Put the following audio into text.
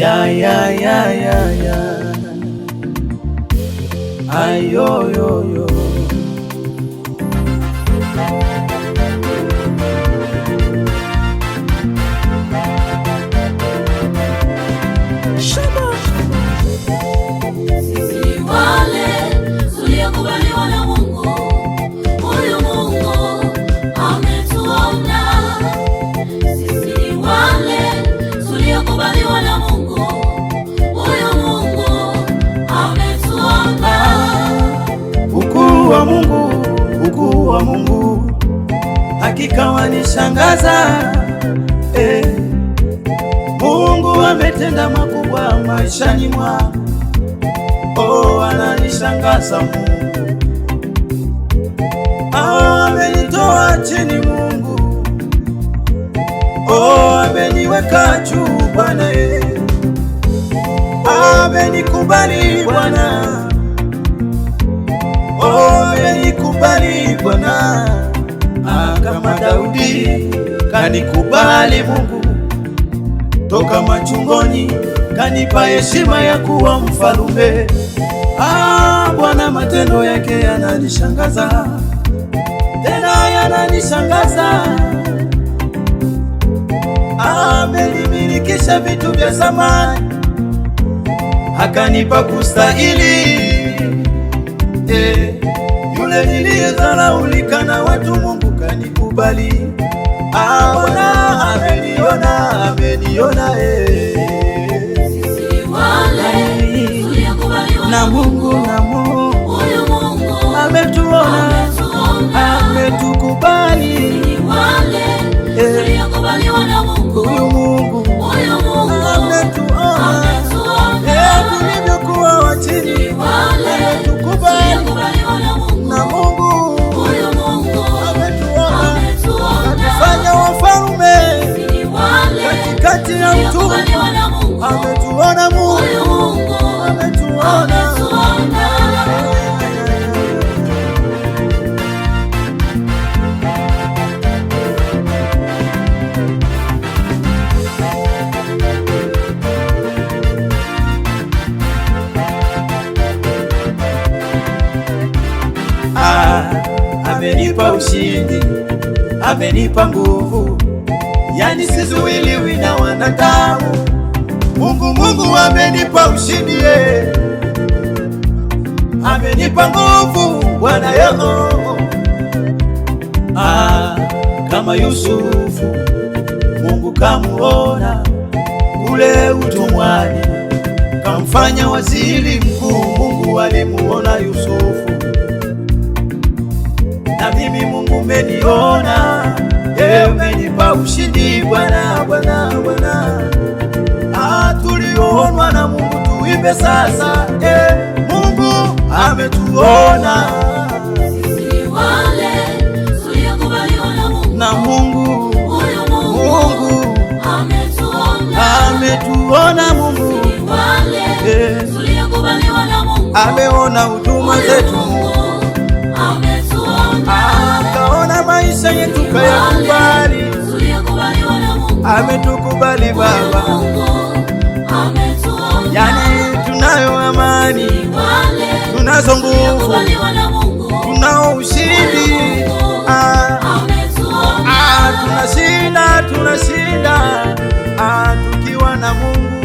ya ya ya ya ya ayoyoyo hakika wanishangaza eh. Mungu ametenda makubwa maishani mwa oh, ananishangaza Mungu ah, amenitoa chini Mungu oh, ameniweka juu Bwana eh. Amenikubali Bwana kama Daudi, kanikubali Mungu toka machungoni, kanipa heshima ya kuwa mfalume. Ah, Bwana matendo yake yananishangaza, tena yananishangaza. Ah, Amenimilikisha vitu vya zamani, akanipa kustahili. Eh, yule niliyedharaulika na watu Mungu amenikubali, ah Bwana ameniona, ameniona eh. kufanya wafalme katikati ya mtu. Ametuona Mungu, ametuona ah, amenipa ushindi amenipa nguvu, yani sizuiliwi na wanadamu. Mungu Mungu amenipa ushindi, amenipa nguvu Bwana yangu. Ah, kama Yusufu Mungu kamuona kule utumwani, kamfanya waziri mkuu. Mungu alimuona Yusufu umeniona, e umenipa ushindi Bwana, Bwana, Bwana. Ah, Tulionwa na Mungu tuimbe sasa, e Mungu ametuona na Mungu, ametuona, Mungu ameona huduma zetu yenye tukayakubali, ametukubali Baba, yani tunayo amani, tunazo nguvu, tunao ushindi, ah, ah, tunashinda, tunashinda ah, tukiwa na Mungu.